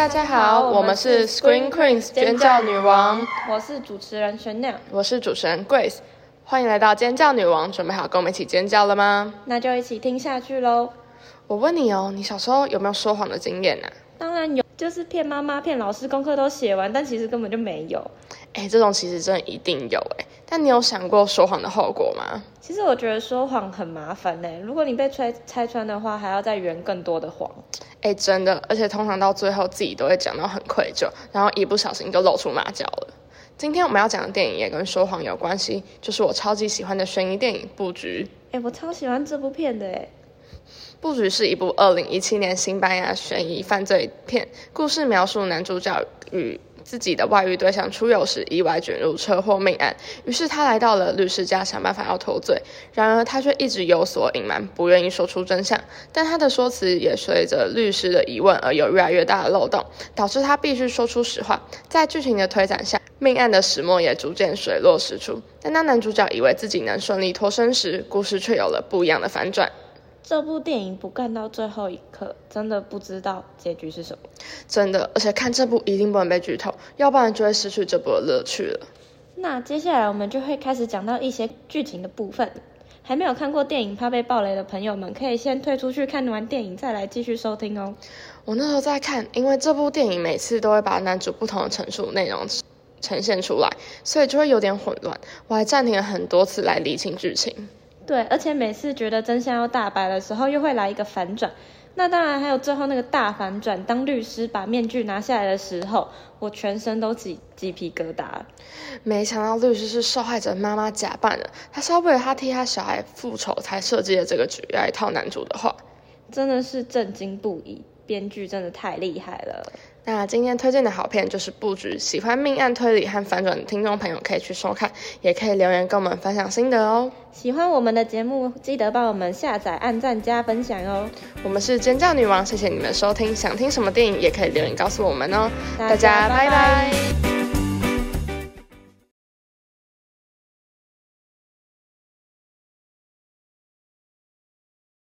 大家好，好，我們是 Scream Queens 尖叫女王，我是主持人玄鳥，我是主持人 Grace，歡迎來到尖叫女王，準備好跟我們一起尖叫了嗎？那就一起聽下去嘍。我問你哦，你小時候有沒有說謊的經驗呢、啊？當然有，就是騙媽媽、騙老師，功課都寫完，但其實根本就沒有。哎，這種其實真的一定有哎，但你有想過說謊的後果嗎？其實我覺得說謊很麻煩哎，如果你被拆、拆穿的話，還要再圓更多的謊。哎、欸，真的，而且通常到最後自己都會講到很愧疚，然後一不小心就露出馬腳了。今天我們要講的電影也跟說謊有關係，就是我超級喜歡的懸疑電影《佈局》欸。哎，我超喜歡這部片的哎。《佈局》是一部二零一七年西班牙懸疑犯罪片，故事描述男主角與。自己的外遇對象出遊時意外捲入車禍命案，於是他來到了律師家想辦法要脫罪。然而他卻一直有所隱瞞，不願意說出真相。但他的說辭也隨着律師的疑問而有越來越大的漏洞，導致他必須說出實話。在劇情的推展下，命案的始末也逐漸水落石出。但當男主角以為自己能順利脫身時，故事卻有了不一樣的反轉。這部電影不看到最後一刻，真的不知道結局是什麼。真的，而且看這部一定不能被劇透，要不然就會失去這部的樂趣了。那接下來我們就會開始講到一些劇情的部分。還沒有看過電影怕被爆雷的朋友們，可以先退出去看完電影再來繼續收聽哦。我那時候在看，因為這部電影每次都會把男主不同的陳述的內容呈現出來，所以就會有點混亂。我還暫停了很多次來理清劇情。對，而且每次覺得真相要大白的時候，又會來一個反轉。那當然還有最後那個大反轉，當律師把面具拿下來的時候，我全身都起雞皮疙瘩了。沒想到律師是受害者媽媽假扮的，他是為了他替他小孩復仇才設計了這個局來套男主的話，真的是震驚不已。編劇真的太厲害了。那今天推薦的好片就是《佈局》，喜歡命案推理和反轉的聽眾朋友可以去收看，也可以留言跟我們分享心得哦。喜歡我們的節目，記得幫我們下載、按讚、加分享哦。我們是尖叫女王，謝謝你們收聽。想聽什麼電影，也可以留言告訴我們哦。大家拜拜。